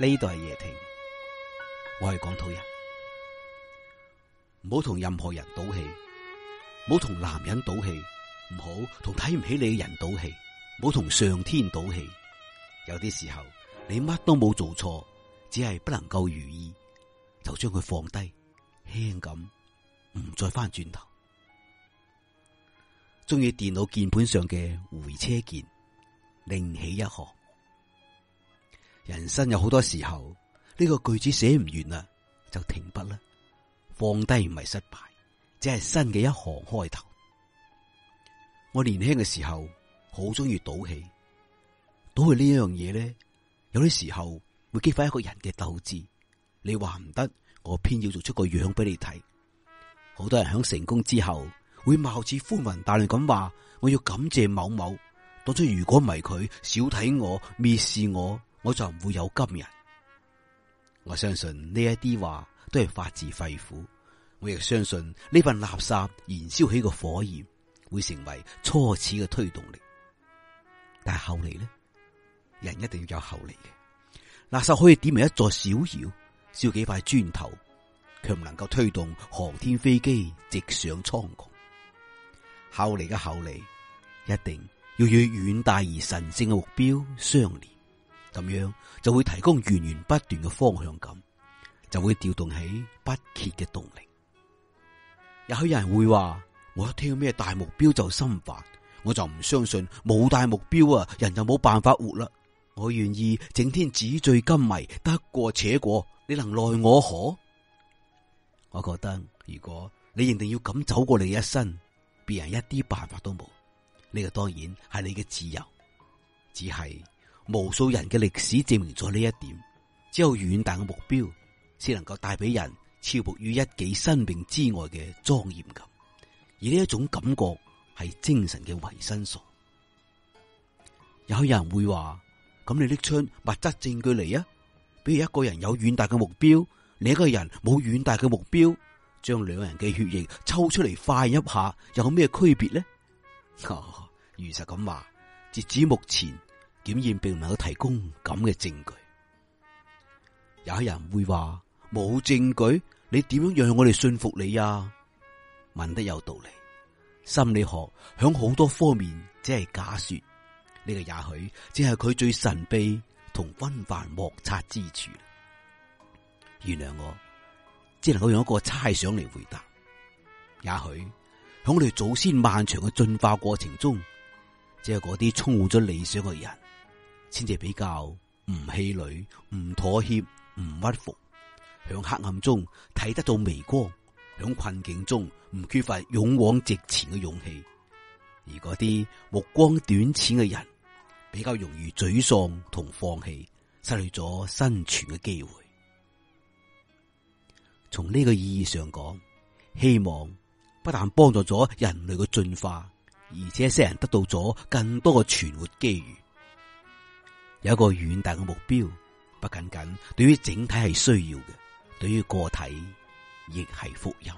呢度係夜庭，我係港土人，唔好同任何人賭氣，唔好同男人賭氣，唔好同睇唔起你嘅人賭氣，唔好同上天賭氣。有啲時候你乜都冇做錯，只係不能夠如意，就將佢放低，輕咁唔再翻轉頭。中意電腦鍵盤上嘅回車鍵，另起一行。人生有好多時候，呢個句子寫唔完啦，就停筆啦，放低唔係失敗，只係新嘅一行開頭。我年輕嘅時候好中意賭氣，賭氣呢樣嘢咧，有啲時候會激發一個人嘅鬥志。你話唔得，我偏要做出個樣俾你睇。好多人響成功之後會貌似寬宏大量，咁話，我要感謝某某，當初如果唔係佢，少睇我，蔑視我。我就唔會有今日。我相信呢一啲話都係發自肺腑。我亦相信呢份垃圾燃燒起個火焰，會成為初始嘅推動力。但係後嚟呢，人一定要有後嚟嘅垃圾可以點為一座小窑燒幾塊磚頭，卻唔能夠推動航天飛機直上蒼穹。後嚟嘅後嚟，一定要與遠大而神聖嘅目標相連。咁樣就會提供源源不斷嘅方向感，就會調動起不竭嘅動力。也許有人會話：我一聽到咩大目標就心煩，我就唔相信冇大目標啊，人就冇辦法活啦。我願意整天紙醉金迷，得過且過，你能奈我何？我覺得如果你認定要咁走過你嘅一生，別人一啲辦法都冇。呢個當然係你嘅自由，只係。無數人嘅歷史證明咗呢一點，只有遠大嘅目標，先能夠帶俾人超脫於一己生命之外嘅莊嚴感。而呢一種感覺係精神嘅維生素。有人會話：咁你拎出物質證據嚟啊？比如一個人有遠大嘅目標，另一個人冇遠大嘅目標，將兩人嘅血液抽出嚟，化驗一下，又有咩區別呢？」哦，如實咁話，截止目前。檢驗並唔能夠提供咁嘅證據，有人會話，冇證據，你點樣讓我哋信服你啊？問得有道理，心理學響好多方面只係假說，呢、這個也許只係佢最神秘同分化莫測之處。原諒我，只能夠用一個猜想嚟回答。也許響我哋祖先漫長嘅進化過程中。即係嗰啲充滿咗理想嘅人，先至比較唔氣餒、唔妥協、唔屈服，響黑暗中睇得到微光，響困境中唔缺乏勇往直前嘅勇氣。而嗰啲目光短淺嘅人，比較容易沮喪同放棄，失去咗生存嘅機會。從呢個意義上講，希望不但幫助咗人類嘅進化。而且些人得到咗更多嘅存活機遇，有一個遠大嘅目標，不僅僅對於整體係需要嘅，對於個體亦係福音。